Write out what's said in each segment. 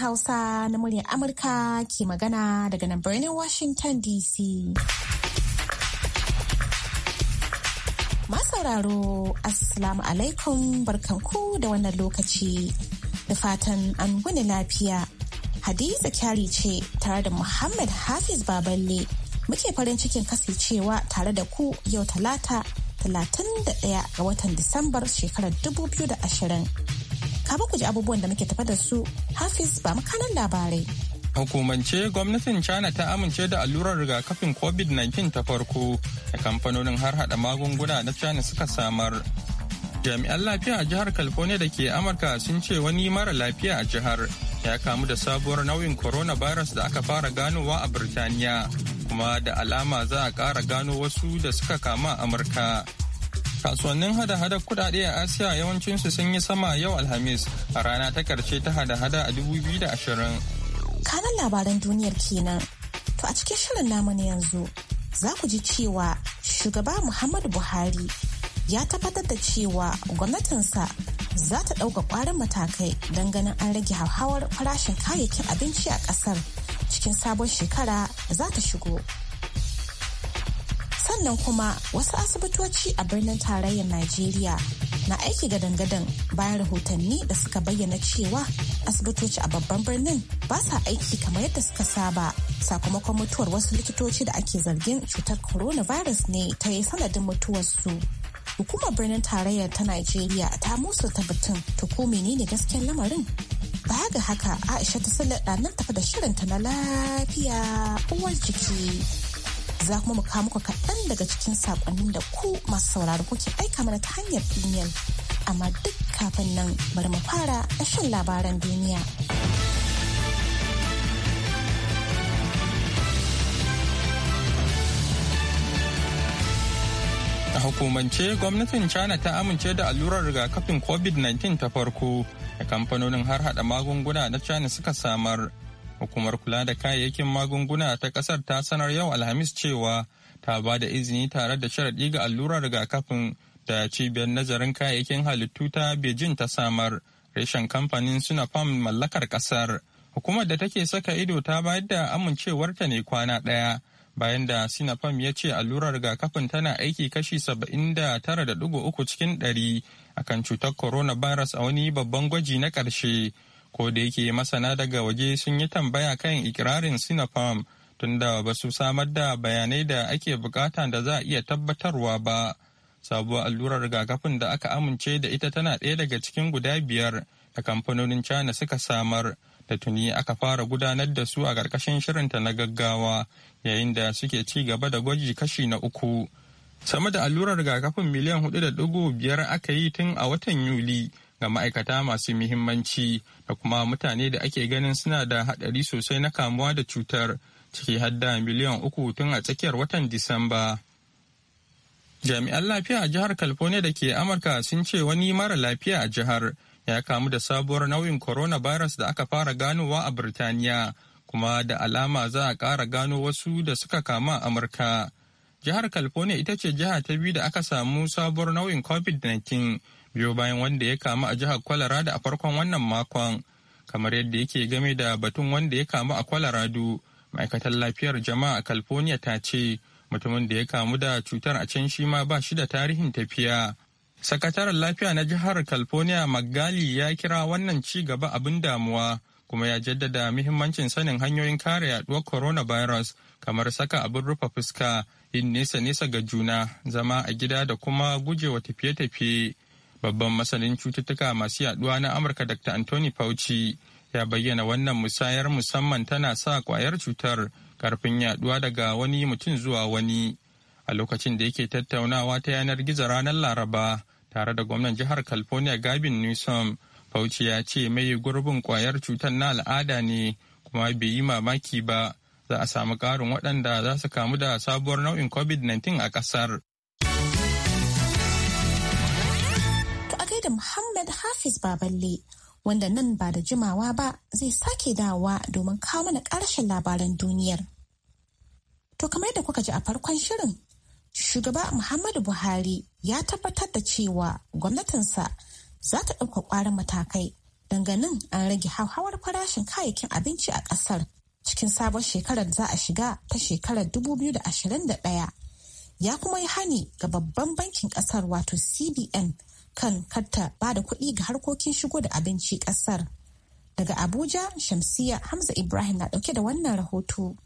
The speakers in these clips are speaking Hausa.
Hausa na muryar Amurka ke magana daga nan birnin Washington DC. Masauraro, Assalamu alaikum barkanku da wannan lokaci. Da fatan an wuni lafiya. Hadiza kyari ce tare da Muhammad Hafiz Baballe. Muke farin cikin kasancewa tare da ku yau talata 31 ga watan Disambar shekarar 2020. Kafin ku ji abubuwan da muke tafa da su, Hafiz ba makanan labarai. Hukumance gwamnatin China ta amince da allurar rigakafin COVID-19 ta farko da kamfanonin har hada magunguna na China suka samar. Jami'an lafiya a jihar California da ke Amurka sun ce wani mara lafiya a jihar ya kamu da sabuwar nauyin coronavirus da aka fara ganowa a Birtaniya kuma da alama za a ƙara gano wasu da suka kama Amurka. kasuwannin hada-hada kudade a asiya yawancinsu sun yi sama yau alhamis a rana ta karshe ta hada-hada a 2020 kanan labaran duniyar kenan to a cikin shirin namu na yanzu za ku ji cewa shugaba muhammadu buhari ya tabbatar da cewa gwamnatinsa za ta ɗauka ƙwarin matakai don ganin an rage hauhawar farashin kayayyakin abinci a kasar cikin sabon shekara za ta shigo. sannan kuma wasu asibitoci a birnin tarayyar najeriya na aiki ga dangadan bayan rahotanni da suka bayyana cewa asibitoci a babban birnin ba sa aiki kamar yadda suka saba sakamakon mutuwar wasu likitoci da ake zargin cutar coronavirus ne ta yi sanadin mutuwarsu hukumar birnin tarayyar ta najeriya ta musu tabbatin to ko menene gaskiyar lamarin baya ga haka aisha ta sallar nan tafi da shirinta na lafiya uwar jiki za kuma mu kawo muku kaɗan daga cikin saƙonnin da ku masu sauraro kuke aika mana ta hanyar imel amma duk kafin nan bari mu fara da shan labaran duniya. A hukumance gwamnatin China ta amince da allurar rigakafin COVID-19 ta farko da kamfanonin har hada magunguna na China suka samar Hukumar kula da kayayyakin magunguna ta kasar ta sanar yau Alhamis cewa ta ba da izini tare da sharaɗi ga allurar rigakafin da cibiyar nazarin kayayyakin halittu ta Beijing ta samar reshen kamfanin fam mallakar kasar. Hukumar da take saka ido ta bayar da amincewarta ne kwana ɗaya bayan da sinapam ya ce allurar rigakafin tana aiki kashi 79.3 cikin 100 akan cutar coronavirus a wani babban gwaji na ƙarshe. ko da yake masana daga waje sun yi tambaya kan ikirarin sinopharm tunda ba su samar da bayanai da ake bukata da za a iya tabbatarwa ba sabuwar allurar rigakafin da aka amince da ita tana ɗaya daga cikin guda biyar da kamfanonin china suka samar da tuni aka fara gudanar da su a ƙarƙashin shirinta na gaggawa yayin da suke ci gaba da gwaji kashi na uku sama da allurar rigakafin miliyan hudu da biyar aka yi tun a watan yuli ga ma'aikata masu muhimmanci da kuma mutane da ake ganin suna da haɗari sosai na kamuwa da cutar ciki hadda miliyan uku tun a tsakiyar watan Disamba. Jami'an lafiya a jihar California da ke Amurka sun ce wani mara lafiya a jihar ya kamu da sabuwar nau'in coronavirus da aka fara ganowa a Birtaniya kuma da alama za a ƙara gano wasu da suka kama a Amurka. Jihar California ita ce jiha ta biyu da aka samu sabuwar nau'in COVID-19 biyo bayan wanda ya kamu a jihar Colorado a farkon wannan makon kamar yadda yake game da batun wanda ya kamu a kwalaradu ma'aikatar lafiyar jama'a a California ta ce mutumin da ya kamu da cutar a can shi ma ba shi da tarihin tafiya sakataren lafiya na jihar California Magali ya kira wannan ci gaba abin damuwa kuma ya jaddada muhimmancin sanin hanyoyin kare yaduwar coronavirus kamar saka abin rufe fuska yin nesa-nesa ga juna zama a gida da kuma gujewa tafiye-tafiye Babban masanin cututtuka masu yaduwa na Amurka Dr. Anthony Fauci ya bayyana wannan musayar musamman tana sa kwayar cutar karfin yaduwa daga wani mutum zuwa wani a lokacin da yake tattaunawa ta yanar gizo ranar Laraba tare da gwamnan jihar California gabin Newsom. Fauci ya ce mai gurbin kwayar cutar na al'ada ne kuma bai yi mamaki ba za a samu ƙarin waɗanda za su kamu da sabuwar nau'in covid-19 a ƙasar. da Muhammad Hafiz Baballe wanda nan ba da jimawa ba zai sake dawowa domin kawo mana ƙarshen labaran duniyar. To kamar yadda kuka ji a farkon shirin, shugaba Muhammadu Buhari ya tabbatar da cewa gwamnatinsa za ta ɗauka ƙwarin matakai ganin an rage hauhawar farashin kayayyakin abinci a ƙasar cikin sabon shekarar za a shiga ta shekarar 2021. Ya kuma yi hani ga babban bankin ƙasar wato CBN kan karta ba da kuɗi ga harkokin shigo da abinci ƙasar. Daga Abuja, Shamsiya Hamza Ibrahim na ɗauke da wannan rahoto.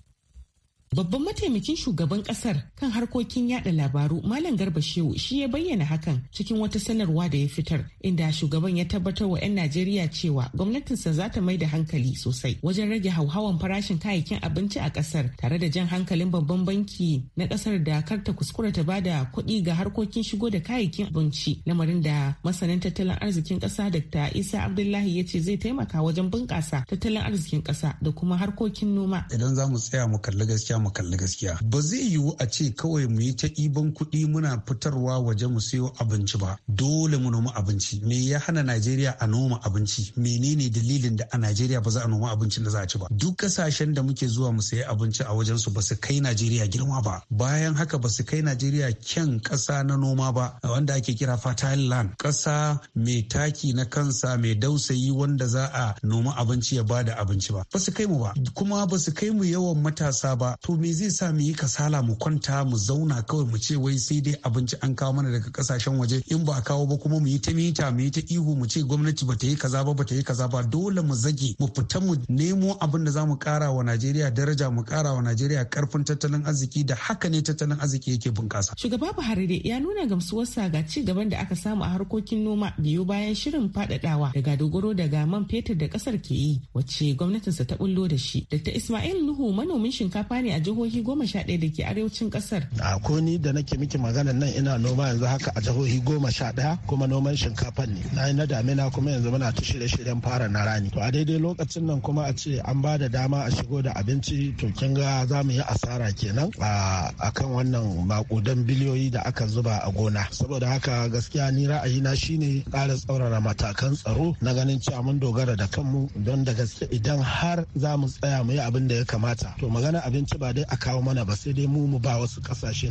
Babban mataimakin shugaban kasar kan harkokin yada labaru Malam Garba Shehu shi ya bayyana hakan cikin wata sanarwa da ya fitar inda shugaban ya tabbatar wa 'yan Najeriya cewa gwamnatinsa za ta mai da hankali sosai wajen rage hauhawan farashin kayayyakin abinci a kasar tare da jan hankalin babban banki na kasar da karta kuskura ta bada kuɗi ga harkokin shigo da kayayyakin abinci lamarin da masanin tattalin arzikin ƙasa Dr. Isa Abdullahi ya ce zai taimaka wajen bunƙasa tattalin arzikin ƙasa da kuma harkokin noma. Idan za mu tsaya mu kalli gaskiya gaskiya mu kalli gaskiya ba zai yiwu a ce kawai mu yi ta iban kuɗi muna fitarwa waje mu sayo abinci ba dole mu noma abinci me ya hana Najeriya a noma abinci menene dalilin da a Najeriya ba za a noma abinci da za a ci ba duk kasashen da muke zuwa mu sayi abinci a wajen su ba su kai Najeriya girma ba bayan haka ba su kai Najeriya kyan ƙasa na noma ba wanda ake kira fertile land ƙasa mai taki na kansa mai dausayi wanda za a noma abinci ya bada abinci ba ba su kai mu ba kuma ba su kai mu yawan matasa ba to me zai sa mu yi kasala mu kwanta mu zauna kawai mu ce wai sai dai abinci an kawo mana daga kasashen waje in ba a kawo ba kuma mu yi ta mita mu yi ta ihu mu ce gwamnati ba ta yi kaza ba ba ta yi kaza ba dole mu zage mu fita mu nemo abin da za mu kara wa Najeriya daraja mu kara wa Najeriya karfin tattalin arziki da haka ne tattalin arziki yake bunƙasa. Shugaba Buhari dai ya nuna gamsuwarsa ga ci gaban da aka samu a harkokin noma biyu bayan shirin fadadawa daga dogaro daga man fetur da kasar ke yi wacce gwamnatinsa ta bullo da shi. Dr. Ismail Nuhu manomin shinkafa ne a jihohi goma sha ɗaya da ke arewacin kasar. A ko ni da nake miki magana nan ina noma yanzu haka a jihohi goma sha ɗaya kuma noman shinkafa ne. Na na damina kuma yanzu muna ta shirye-shiryen fara na rani. To a daidai lokacin nan kuma a ce an ba da dama a shigo da abinci to kin ga za mu yi asara kenan a kan wannan makudan biliyoyi da aka zuba a gona. Saboda haka gaskiya ni ra'ayi ra'ayina shine ƙara tsaurara matakan tsaro na ganin cewa mun dogara da kanmu don da gaske idan har za mu tsaya mu yi abin da ya kamata. To magana abinci ba dai a kawo mana ba sai dai mu mu ba wasu kasashe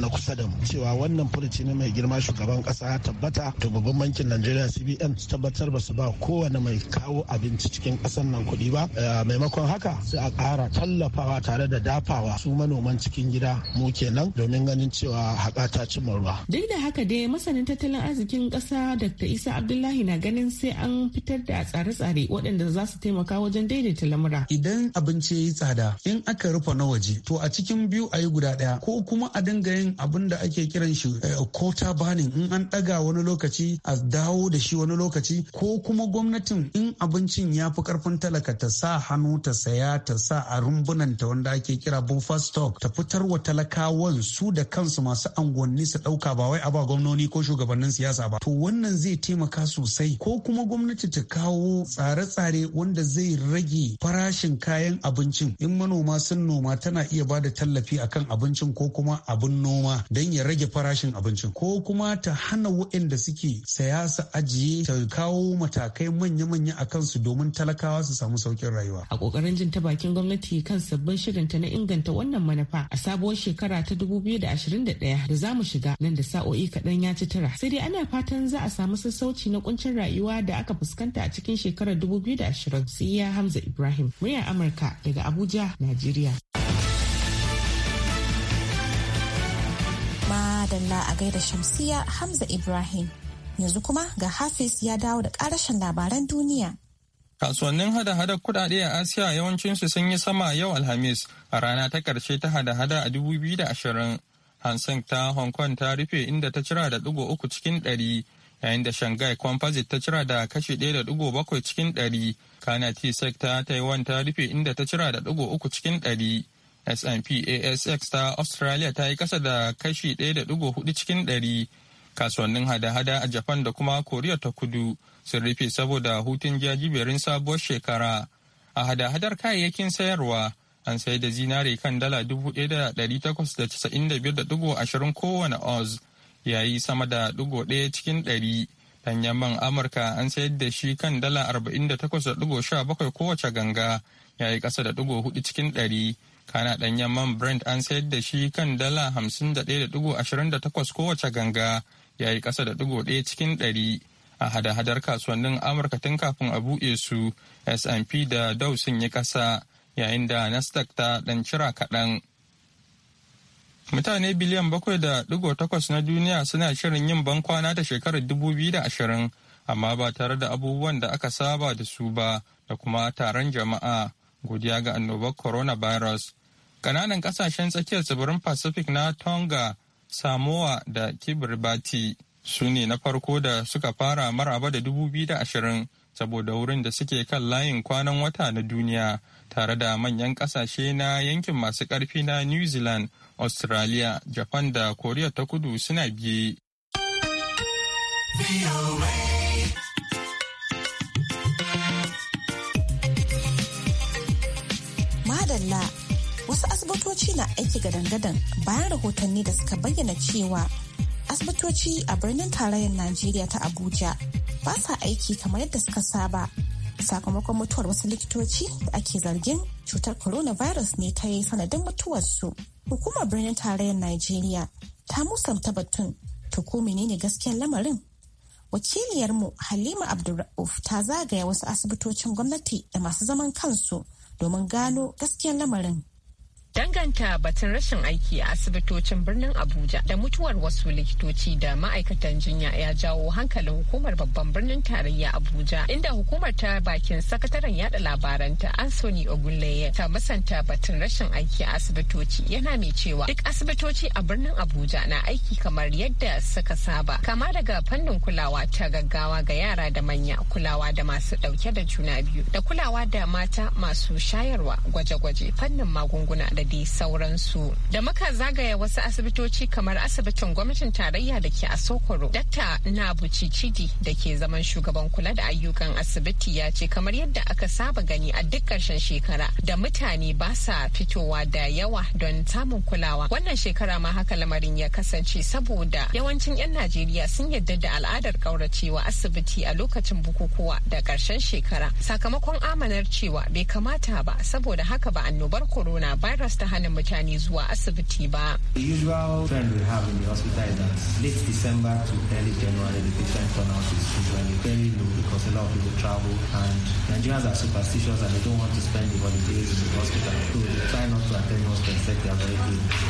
na kusa da mu cewa wannan furuci ne mai girma shugaban kasa tabbata to babban bankin Najeriya CBN su tabbatar ba su ba kowane mai kawo abinci cikin kasar nan kuɗi ba eh, maimakon haka sai a ƙara tallafawa tare da dafawa su manoman cikin gida mu kenan domin ganin cewa haka ta ci ruwa. Duk da haka dai masanin tattalin arzikin ƙasa Dr. Isa Abdullahi na ganin sai an fitar da tsare-tsare waɗanda za su taimaka wajen daidaita lamura. Idan abinci ya yi tsada in aka rufe nawa waje to a cikin biyu a yi guda ɗaya ko kuma a dinga yin abin da ake kiran shi kota eh, banin in an ɗaga wani lokaci a dawo da shi wani lokaci ko kuma gwamnatin in abincin ya fi karfin talaka ta sa hannu ta saya ta sa a rumbunanta wanda ake kira buffer stock ta fitar wa talakawan su da kansu masu angonni su ɗauka ba wai a ba gwamnoni ko shugabannin siyasa ba to wannan zai taimaka sosai ko kuma gwamnati ta kawo tsare-tsare wanda zai rage farashin kayan abincin in manoma sun noma tana iya ba da tallafi akan abincin ko kuma abin noma don ya rage farashin abincin ko kuma ta hana waɗanda suke saya su ajiye ta kawo matakai manya-manya a kansu domin talakawa su samu saukin rayuwa. A kokarin jin ta bakin gwamnati kan sabbin shirinta na inganta wannan manufa a sabuwar shekara ta 2021 da za mu shiga nan da sa'o'i kaɗan ya ci tara. Sai dai ana fatan za a samu sassauci na kuncin rayuwa da aka fuskanta a cikin shekarar 2020. Siya Hamza Ibrahim, muryar Amurka daga Abuja, Najeriya. madalla a gaida Shamsiya Hamza Ibrahim. Yanzu kuma ga Hafiz ya dawo da karashin labaran duniya. Kasuwannin hada-hada kudade a Asiya yawancinsu sun yi sama yau Alhamis a rana ta karshe ta hada-hada a 2020. Hansen ta Hong Kong ta rufe inda ta cira da dugo uku cikin ɗari yayin da Shanghai Composite ta cira da kashi ɗaya da dugo bakwai cikin ɗari. Kana t ta Taiwan ta rufe inda ta cira da dugo uku cikin ɗari. S&P ASX ta Australia ta yi kasa da kashi 1.4 cikin 100. Kasuwannin hada-hada a Japan da kuma Koriya ta kudu sun rufe saboda hutun jajiberin sabuwar shekara. A hada-hadar kayayyakin sayarwa an sayar da zinare kan dala 1,895.20 kowane oz ya yi sama da digo cikin 100. Danyen man Amurka an sayar da shi kan dala 48.17 kowace ganga ya yi ƙasa da digo hudu cikin ɗari. kana ɗanyen man brent an sayar da shi kan dala 51.28 kowace ganga ya yi ƙasa da ɗigo ɗaya cikin ɗari a hada-hadar kasuwannin amurka tun kafin a buɗe su S&P da Dow sun yi ƙasa yayin da Nasdaq ta ɗan cira kaɗan. Mutane biliyan bakwai da ɗigo takwas na duniya suna shirin yin bankwana da shekarar dubu biyu da ashirin amma ba tare da abubuwan da aka saba da su ba da kuma taron jama'a. godiya ga annobar coronavirus kananan kasashen tsakiyar tsibirin pacific na tonga samoa da Kiribati su ne na farko da suka fara maraba da dubu biyu da ashirin saboda wurin da suke kan layin kwanan wata na duniya tare da manyan kasashe na yankin masu karfi na new zealand australia japan da korea ta kudu suna biye. dalla wasu asibitoci na aiki gadan-gadan bayan rahotanni da suka bayyana cewa asibitoci a birnin tarayyar najeriya ta abuja ba sa aiki kamar yadda suka saba sakamakon mutuwar wasu likitoci da ake zargin cutar coronavirus ne ta yi sanadin mutuwarsu hukumar birnin tarayyar najeriya ta musanta batun ta ko menene gaskiyar lamarin wakiliyarmu halima abdulra'uf ta zagaya wasu asibitocin gwamnati da masu zaman kansu domin gano gaskiyar lamarin danganta batun rashin aiki a asibitocin birnin abuja da mutuwar wasu likitoci da ma'aikatan jinya ya jawo hankalin hukumar babban birnin tarayya abuja inda hukumar ta bakin sakataren yada labaranta anthony ogunleye ta musanta batun rashin aiki a asibitoci yana mai cewa duk asibitoci a birnin abuja na aiki kamar yadda suka saba kama daga fannin kulawa ta gaggawa ga yara da manya kulawa da masu dauke da juna biyu da kulawa da mata masu shayarwa gwaje-gwaje fannin magunguna da da dai sauransu. Da muka zagaya wasu asibitoci kamar asibitin gwamnatin tarayya da ke a Sokoro, Dakta Nabu Cicidi da ke zaman shugaban kula da ayyukan asibiti ya ce kamar yadda aka saba gani a duk ƙarshen shekara da mutane ba sa fitowa da yawa don samun kulawa. Wannan shekara ma haka lamarin ya kasance saboda yawancin 'yan Najeriya sun yadda da al'adar ƙauracewa asibiti a lokacin bukukuwa da karshen shekara. Sakamakon amanar cewa bai kamata ba saboda haka ba annobar corona virus su ta hana mutane zuwa asibiti ba. The usual trend we have in the hospital is that late December to early January the patient turnout is usually very low because a lot of people travel and Nigerians are superstitious and they don't want to spend in the hospital. So they try not to attend hospital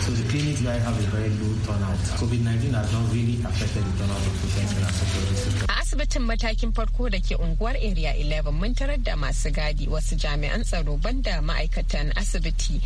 So the have a very low turnout. COVID-19 has not really affected the turnout of patients in our A asibitin matakin farko da ke unguwar Area 11 mun tarar da masu gadi wasu jami'an tsaro banda ma'aikatan asibiti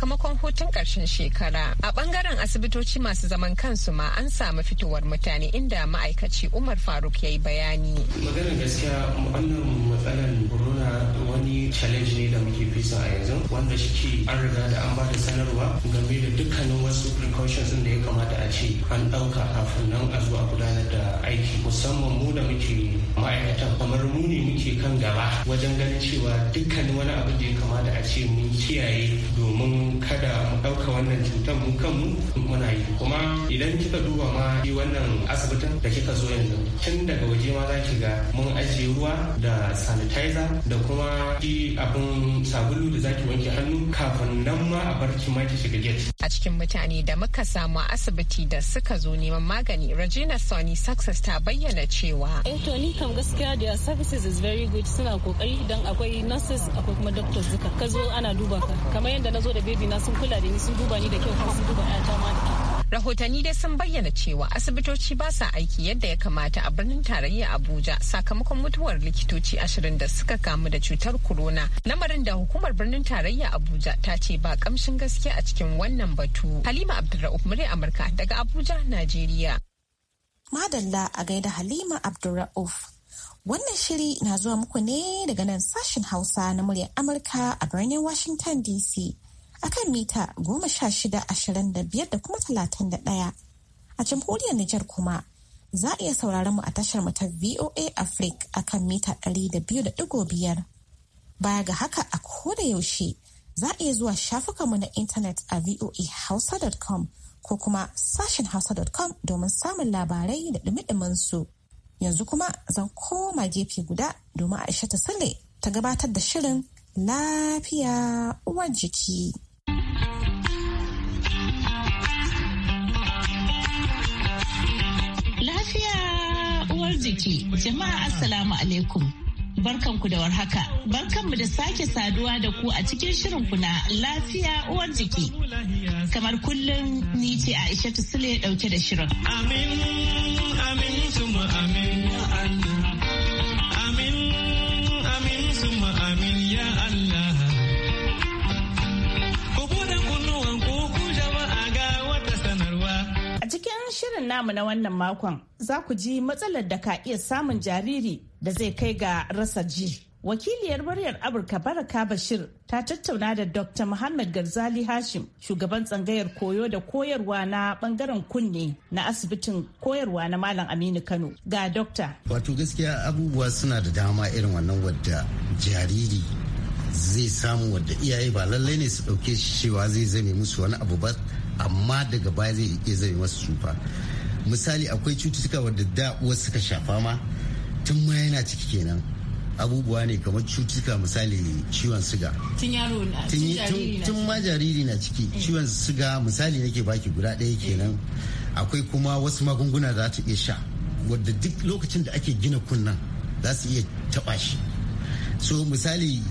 sakamakon hutun ƙarshen shekara. A ɓangaren asibitoci masu zaman kansu ma an samu fitowar mutane inda ma'aikaci Umar Faruk ya yi bayani. Maganar gaskiya wannan matsalar corona wani challenge ne da muke fisa a yanzu wanda shi an riga da an ba da sanarwa game da dukkanin wasu precautions da ya kamata a ce an ɗauka kafin nan a zuwa gudanar da aiki musamman mu da muke ma'aikatan kamar mu ne muke kan gaba wajen ganin cewa dukkan wani abu da ya kamata a ce mun kiyaye domin kada mu ɗauka wannan cutar mu kanmu muna yi kuma idan kika duba ma yi wannan asibitin da kika zo yanzu tun daga waje ma za ki ga mun ajiye ruwa da sanitizer da kuma shi abin sabulu da zaki wanke hannu kafin nan ma a bar ki ma ki shiga gate a cikin mutane da muka samu asibiti da suka zo neman magani Regina Sony Success ta bayyana cewa eh, kam gaskiya their services is very good suna kokari dan akwai nurses akwai kuma doctors duka ka zo ana duba ka kamar yadda nazo da baby na sun kula da ni sun duba ni da kyau kuma sun duba ta ma da rahotanni dai sun bayyana cewa asibitoci ba sa aiki yadda ya kamata a birnin tarayya abuja sakamakon mutuwar likitoci ashirin da suka kamu da cutar corona lamarin da hukumar birnin tarayya abuja ta ce ba kamshin gaske a cikin wannan batu halima abdulra'uf murya amurka daga abuja najeriya madalla a gaida halima abdulra'uf Wannan shiri na zuwa muku ne daga nan sashen Hausa na muryar Amurka a birnin Washington DC akan mita goma sha shida ashirin da biyar da kuma talatin da ɗaya. A jamhuriyar Nijar kuma za a iya sauraron mu a tashar mu ta VOA Africa akan mita ɗari da biyu da ɗigo biyar. Baya ga haka a koda yaushe za a iya zuwa mu na intanet a voahausa.com ko kuma sashen hausa.com domin samun labarai da ɗumi su. Yanzu kuma zan koma gefe guda domin Aisha ta sale ta gabatar da shirin lafiya uwar jiki. Lafiya uwar jiki, jama'a Assalamu alaikum. barkanku da warhaka. Barkanmu da sake saduwa da ku a cikin shirin na lafiya uwar jiki. Kamar kullum ni ce Aisha Sule dauke da shirin. Amin, amin, suma amin, amin, amin, suma amin, ya Allah. shirin namu na wannan makon za ku ji matsalar da ka iya samun jariri da zai kai ga rasa ji. Wakiliyar muryar Amurka Baraka Bashir ta tattauna da Dr. Muhammad Garzali Hashim, shugaban tsangayar koyo da koyarwa na bangaren kunne na asibitin koyarwa na Malam Aminu Kano ga Dokta. Wato gaskiya abubuwa suna da dama irin wannan wadda jariri zai samu wadda iyaye ba lallai ne su ɗauke shi cewa zai zame musu wani abu ba amma daga baya zai iya zai masa tsufa misali akwai cututtuka wadda da wasu suka shafa ma tun ma yana ciki kenan abubuwa ne kamar cututtuka misali ciwon siga tun yaro na tun ma jariri na ciki eh. ciwon siga misali nake baki guda ɗaya eh. kenan akwai kuma wasu magunguna za ta iya sha wadda duk lokacin da ake gina kunnan za su iya taɓa shi so misali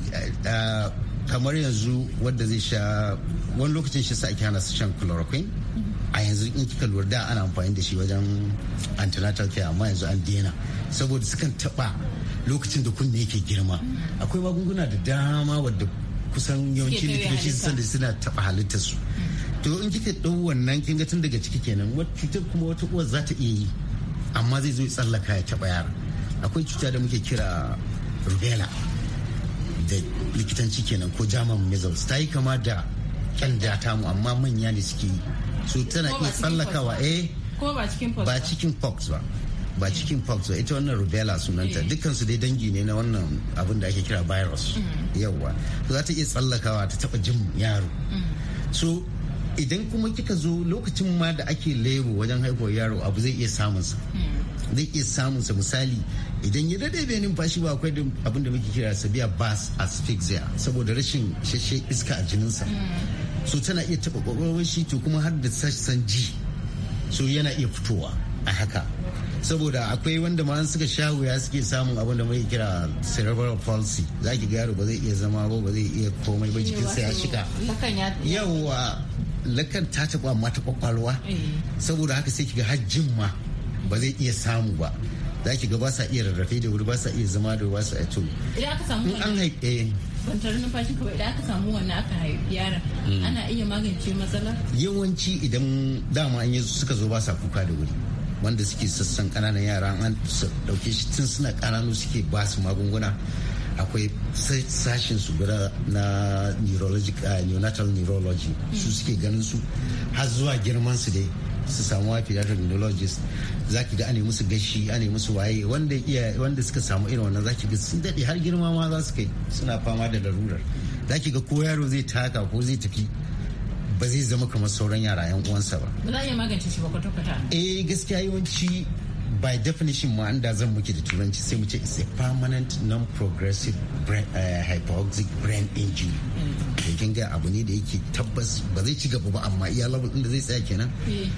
eh, kamar yanzu wadda zai sha wani lokacin shi sa ake hana su shan chloroquine a yanzu in kika lura da ana amfani da shi wajen antenatal care amma yanzu an daina saboda sukan taba lokacin da kunne yake girma akwai magunguna da dama wadda kusan yawanci likitoci sun da suna taba halittar su to in kika dau wannan kin tun daga ciki kenan wata cutar kuma wata uwar za ta iya yi amma zai zo tsallaka ya taba yara akwai cuta da muke kira rubella da likitanci kenan ko german measles ta yi kama da kyalda ta mu amma manya ne suke yi su tana iya tsallakawa eh ba cikin pox eh? ba ba cikin pox hmm. ba ita wannan rubella sunanta eh. dukkan su dai dangi ne na wannan abin da ake kira virus hmm. yawwa za ta iya tsallakawa ta taba jin yaro hmm. so idan kuma kika zo lokacin ma da ake lebo wajen haihuwar yaro abu zai iya samun sa. zai iya samun sa misali idan ya dade bai numfashi ba akwai abin da muke kira sabiya bas asphyxia saboda rashin isasshe iska a jininsa so tana iya taɓa kwakwalwar shi to kuma har da sassan ji so yana iya fitowa a haka saboda akwai wanda ma suka sha wuya suke samun abin da mai kira cerebral palsy za ki yaro ba zai iya zama ba ba zai iya komai ba jikinsa ya shika yawa lakan ta taba mata kwakwalwa eh. saboda haka sai ki kiga jin ma ba zai iya samu ba za ki ga ba sa iya rarrafe da wuri ba sa iya zama da ba sa iya to idan aka samu an haife eh. bantar numfashi kawai idan aka samu wannan aka haifi yara. Hmm. ana iya magance matsala yawanci idan dama an yi suka zo ba sa kuka da wuri wanda suke sassan kananan yara an dauke shi tun suna kananu suke ba su magunguna akwai sashin su guda na neurological ah, neonatal neurology su hmm. suke ganin su har zuwa girman su dai su samu wa pediatric za ki ga ane musu gashi ane musu waye wanda iya wanda suka samu irin wannan za ki ga sun daɗe har girma ma za su kai suna fama da larurar za ga ko yaro zai taka ko zai tafi ba zai zama kamar sauran yara yan uwansa ba ba za a iya magance shi ba kwata-kwata eh gaskiya yawanci by definition mu anda zan muke da turanci sai mu ce is a permanent non-progressive brain, uh, hypoxic brain injury da mm. kin abu ne da yake tabbas ba zai ci gaba ba amma iya labar da zai tsaya kenan eh.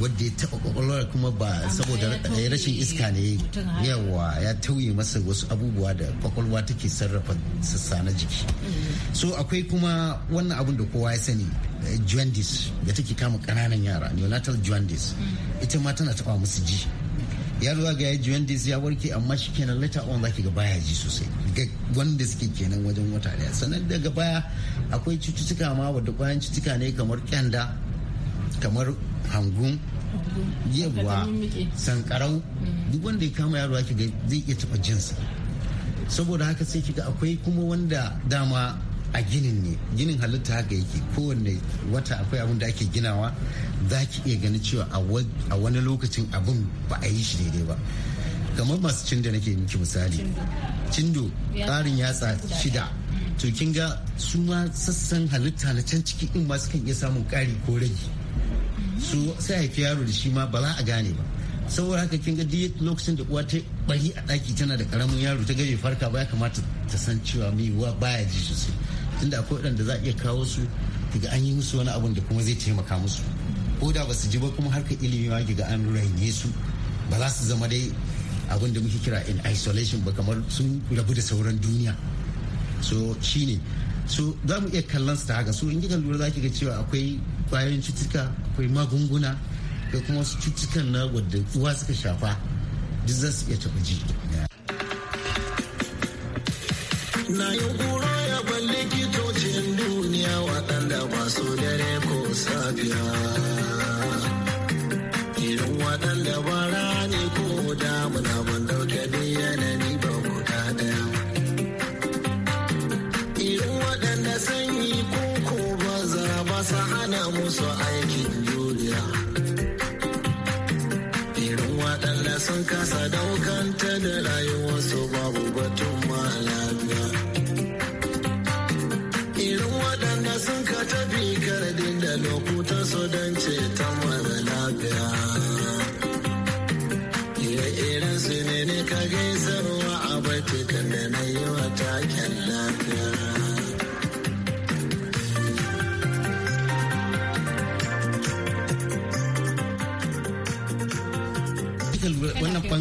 wadda ya taɓa kwakwalwar kuma ba saboda rashin iska ne yawa ya tauye masa wasu abubuwa da kwakwalwa take sarrafa sassa na jiki mm-hmm. so akwai kuma wannan abin da kowa ya sani eh, jaundice da take kama ƙananan yara neonatal jaundice mm-hmm. ita ma tana taɓa musu ji ya za ga ya ya warke amma shi kenan later on zaki ga baya ji sosai ga wanda suke kenan wajen wata daya sannan daga baya akwai cututtuka ma wadda kwayan cutuka ne kamar kyanda kamar hangun yawa sankarau duk wanda ya kama yaro ake zai iya taɓa jinsa saboda haka sai kiga akwai kuma wanda dama a ginin ne ginin halitta haka yake kowanne wata akwai abin da ake ginawa za ki iya ganin cewa a wani lokacin abin ba a yi shi daidai ba kamar masu cindo nake miki misali cindo ƙarin yatsa shida to kinga su ma sassan halitta na can ciki in masu kan iya samun ƙari ko rage su sai haifi yaro da shi ma ba za a gane ba saboda haka kin ga duk lokacin da uwa ta bari a daki tana da karamin yaro ta gaje farka ba ya kamata ta san cewa mai uwa baya ji sosai tunda akwai waɗanda za a iya kawo su daga an yi musu wani abun da kuma zai taimaka musu ko da ba su ji ba kuma harkar ilimi ma ga an raine su ba za su zama dai abin da muke kira in isolation ba kamar sun rabu da sauran duniya so shine so za mu iya kallon su ta haka so in kika lura za ki ga cewa akwai kwayoyin cututtuka akwai magunguna da kuma wasu cutukan na wadda uwa suka shafa duk za su iya taɓa ji. Na yi kura ya ban likitocin duniya waɗanda ba su dare ko safiya. Irin waɗanda ba rani ko damuna ban ɗauke da yanayi ba guda ɗaya. Irin waɗanda sanyi ko ko ba za ba sa hana musu aiki. sun kasa daukan ta da rayuwarsu babu batun ma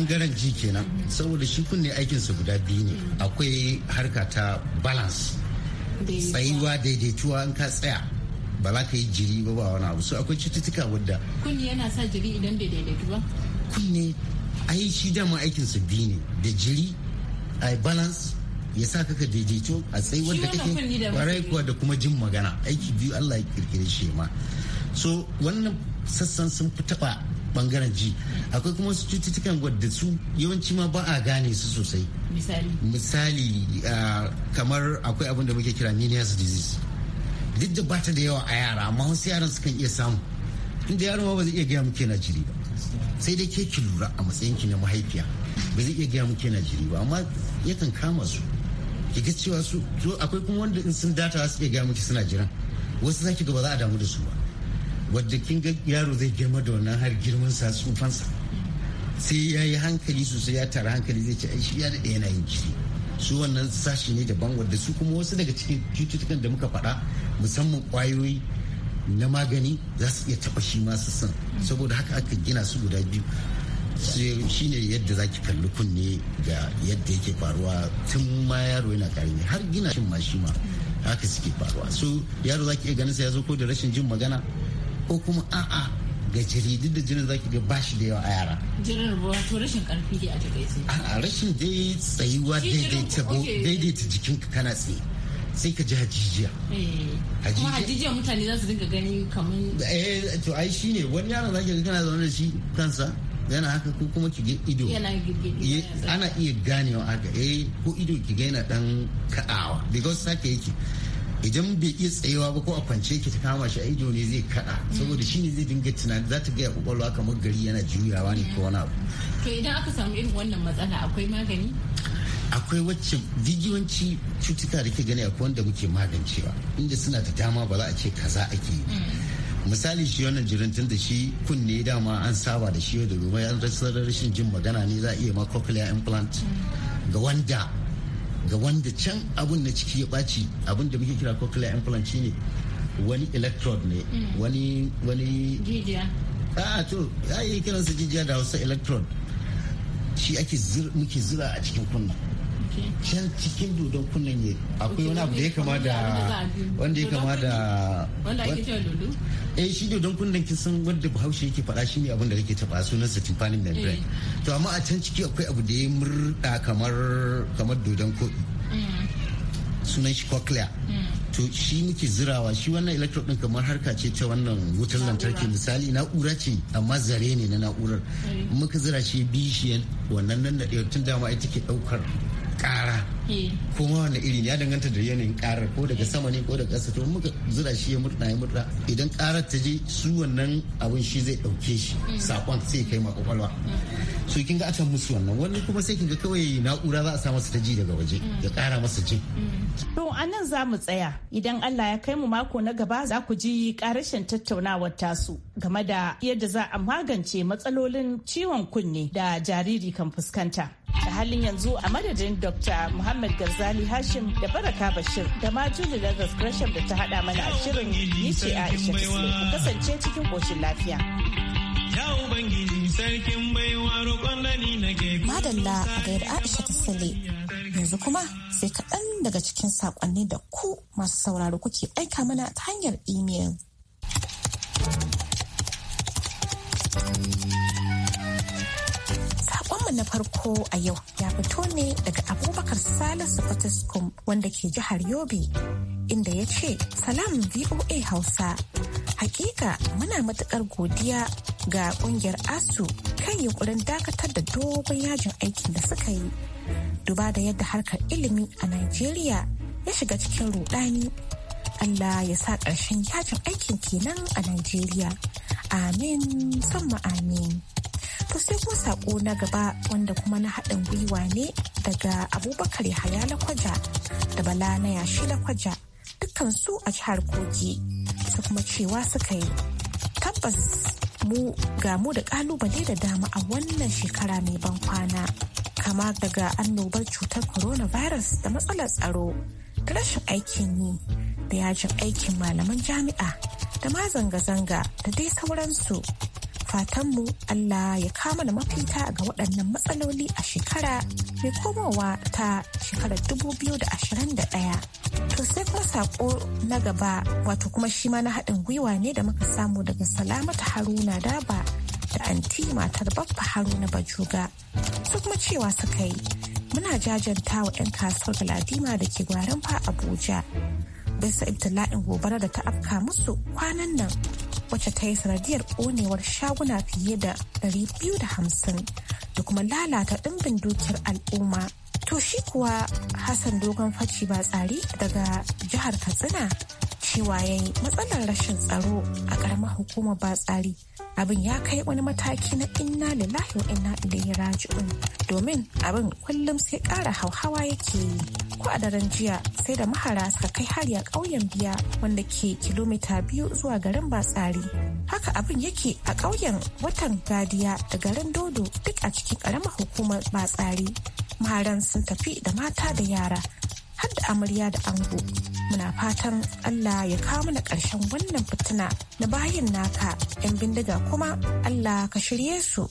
bangaren ji kenan saboda shi kunne aikinsa guda biyu ne akwai harka ta balance tsayuwa daidaituwa in ka tsaya ba za ka yi jiri ba ba wani abu so akwai cututtuka wadda kunne yana sa jiri idan bai daidaitu ba kunne ai shi dama aikinsa biyu ne da jiri a balance ya sa kaka daidaito a tsayi da kake kwarai kuwa da kuma jin magana aiki biyu Allah ya kirkire shi ma so wannan sassan sun fi taba bangaren ji akwai kuma wasu cututtukan wadda su yawanci ma ba a gane su sosai misali kamar akwai abin da muke kira menias disease duk da bata da yawa a yara amma wasu yaran sukan iya samu inda yaro ma ba zai iya gaya muke na jiri ba sai dai ke ki lura a matsayin ki na mahaifiya ba zai iya gaya muke na jiri ba amma yakan kama su ki ga cewa su akwai kuma wanda in sun data su iya gaya muke suna jiran wasu zaki ga ba za a damu da su ba wadda kin ga yaro zai girma da wannan har girman sa tsufansa sai ya yi hankali sosai ya tara hankali zai ce shi ya daɗe yana yin jiri su wannan sashi ne daban wadda su kuma wasu daga cikin cututtukan da muka faɗa musamman ƙwayoyi na magani za su iya taɓa shi masu san saboda haka aka gina su guda biyu shi ne yadda za ki kalli kunne ga yadda yake faruwa tun ma yaro yana karami har gina shi ma shi ma haka suke faruwa so yaro za ki iya ganin sa ya zo ko da rashin jin magana ko kuma a'a ga jaridu da jinin zaki ga bashi da yawa a yara. ruwa to rashin karfi dai a takaice. A rashin dai tsayuwa daidaita daidaita jikinka kana tsaye. sai ka ji hajijiya. Eh, kuma hajijiya mutane za su dinga gani kamar. Eh to ai shine wani yaron zaki ga kana zaune da shi kansa yana haka ko kuma ki ido ana iya ganewa haka eh ko ido ki ga yana dan ka'awa because sake yake idan bai iya tsayewa ba ko a kwance ki ta kama shi a ido ne zai kada saboda shi ne zai dinga tunani za ta gaya kwakwalwa kamar gari yana juyawa ne ko wani abu to idan aka samu irin wannan matsala akwai magani akwai wacce jijiyoyinci cutuka da ke gani akwai wanda muke magancewa inda suna da dama ba za a ce kaza ake yi mm. misali shi wannan jirintun da shi kunne dama an saba da shi yau da gobe an rasar rashin jin magana ne za a iya ma cochlear implant mm. ga wanda ga wanda can abun na ciki ya ɓaci abun da muke kira cochlear implant shine wani electrode ne mm. wani wani jijiya a to ya yi kiransa jijiya da hausa electrode shi ake muke zira a cikin kunna can cikin dodon kunnen ne akwai wani abu da ya kama da wanda ya kama da wanda ake eh shi dodon kunnen ki san wanda bahaushe yake faɗa shi ne abin da kake taɓa sunan sa timpanin membrane eh. to amma a can ciki akwai abu da ya murɗa kamar kamar dodon koɗi mm. sunan shi cochlea mm. to shi muke zirawa shi wannan electro din kamar harka ce ta wannan wutar lantarki misali na'ura ce amma zare ne na na'urar eh. muka zira shi bishiyan wannan nan da tun dama ita ke ɗaukar. ƙara eh. kuma wani iri ya danganta da yanayin karar ko daga sama ne ko daga ƙasa to muka zura shi ya murna ya murna idan ƙarar ta je su wannan abin shi zai ɗauke shi mm. sakon sai kai ma kwakwalwa mm. so kin ga aka musu wannan wani kuma sai kin kawai na'ura za a sa masa ta ji daga waje mm. ya ƙara masa ji. to a nan za mu tsaya idan Allah ya kai mu mako na gaba za ku ji karashen tattaunawar tasu game da yadda za a magance matsalolin ciwon kunne da jariri kan fuskanta. da halin yanzu a madadin dr muhammad garzali hashim da baraka bashir da ma julie lazarus gresham da ta hada mana a shirin ni ce aisha ku kasance cikin koshin lafiya madalla a gayar aisha ta yanzu kuma sai kaɗan daga cikin saƙonni da ku masu sauraro kuke aika mana ta hanyar imel. Rahotonmu na farko a yau ya fito ne daga Abubakar Salisu Fataskum wanda ke jihar Yobe inda ya ce salam VOA Hausa. Hakika muna matukar godiya ga kungiyar ASU kan yunkurin dakatar da dogon yajin aikin da suka yi. Duba da yadda harkar ilimi a Najeriya ya shiga cikin rudani. Allah ya sa ƙarshen yajin aikin kenan a Najeriya. Amin, samma amin. To sai kuma sako na gaba wanda kuma na haɗin gwiwa ne daga Abubakar Yahaya Lakwaja da Bala na yashi Lakwaja su a jihar Kogi su kuma cewa suka yi. Tabbas mu ga mu da kalubale da dama a wannan shekara mai ban kwana kama daga annobar cutar coronavirus da matsalar tsaro da rashin aikin yi da yajin aikin malaman jami'a da ma zanga-zanga da dai sauransu fatanmu Allah ya kama da mafita ga waɗannan matsaloli a shekara mai komowa ta shekarar 2021. To sai kuma saƙo na gaba wato kuma shi ma na haɗin gwiwa ne da muka samu daga salamata haruna daba da anti matar babba haruna bajuga. Su kuma cewa suka yi muna jajanta wa 'yan kasuwar galadima da ke gwaran fa Abuja. Bisa ibtila'in gobara da ta afka musu kwanan nan wacce ta yi sanadiyar konewar shaguna fiye da 250 da kuma lalata ɗimbin dukiyar al'umma. To shi kuwa Hassan Dogon Faci ba tsari daga jihar Katsina cewa ya yi matsalar rashin tsaro a ƙaramar hukumar batsari abin ya kai wani mataki na inna lillahi wa inna ilaihi raji'un domin abin kullum sai ƙara hauhawa yake yi ko a daren jiya sai da mahara suka kai hari a ƙauyen biya wanda ke kilomita biyu zuwa garin batsari haka abin yake a ƙauyen watan gadiya da garin dodo duk a cikin ƙaramar hukumar batsari maharan sun tafi da mata da yara har da amarya da ango muna fatan allah ya kawo mana ƙarshen wannan fitina na bayan naka 'yan bindiga kuma allah ka shirye su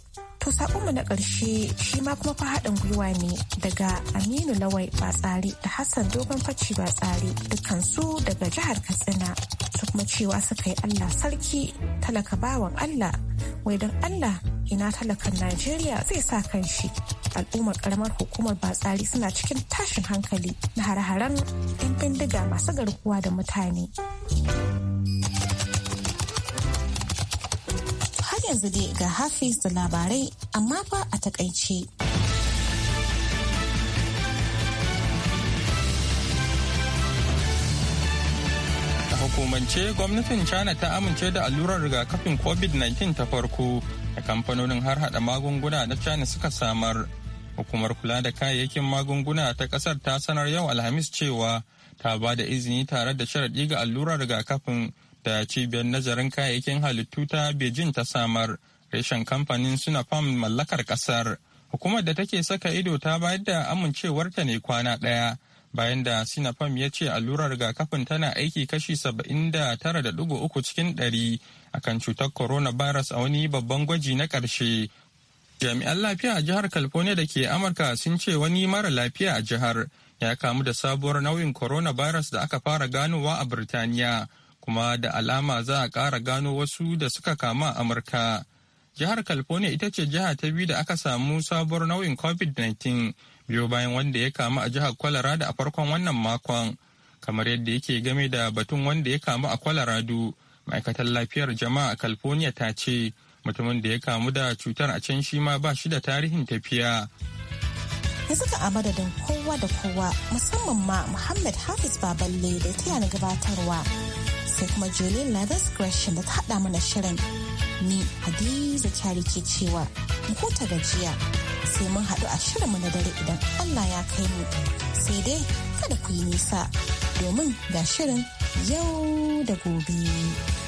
To mu na ƙarshe shi ma kuma fa haɗin gwiwa ne daga Aminu Lawai Batsari da Hassan Dogon facci Batsari dukansu daga jihar Katsina su kuma cewa suka yi Allah sarki talaka bawan Allah wai don Allah ina talakan Najeriya zai sa kanshi shi. Al'ummar karamar hukumar batsari suna cikin tashin hankali na hare-haren bindiga masu garkuwa da mutane. yanzu dai ga Hafiz da labarai amma fa a takaice. hukumance gwamnatin china ta amince da allurar rigakafin covid-19 ta farko da kamfanonin har hada magunguna na china suka samar hukumar kula da kayayyakin magunguna ta kasar ta sanar yau alhamis cewa ta ba da izini tare da sharaɗi ga allurar rigakafin da cibiyar nazarin kayayyakin halittu ta beijing ta samar reshen kamfanin sinopharm mallakar kasar hukumar da take saka ido ta bayar da amincewarta ne kwana ɗaya bayan da sinopharm ya ce allurar rigakafin tana aiki kashi 79.3 cikin 100 akan cutar coronavirus a wani babban gwaji na ƙarshe jami'an lafiya a jihar california da ke amurka sun ce wani mara lafiya a jihar ya kamu da sabuwar nau'in coronavirus da aka fara ganowa a birtaniya kuma da alama za a ƙara gano wasu da suka kama Amurka. Jihar California ita ce jiha ta biyu da aka samu sabuwar nau'in COVID-19 biyo bayan wanda ya kamu a jihar da a farkon wannan makon. Kamar yadda yake game da batun wanda ya kamu a kwalaradu, ma'aikatar lafiyar jama'a a California ta ce mutumin da ya kamu da cutar a can shi ma ba shi da tarihin tafiya. Ya zuka a madadin kowa da kowa musamman ma Muhammad Hafiz Baballe da ya gabatarwa. sai kuma Julie Leathers Gresham da ta haɗa mana shirin. Ni Hadiza Kyari ke cewa huta gajiya sai mun haɗu a shirinmu na dare idan Allah ya kai mu. Sai dai kada ku yi nisa domin ga shirin yau da gobe.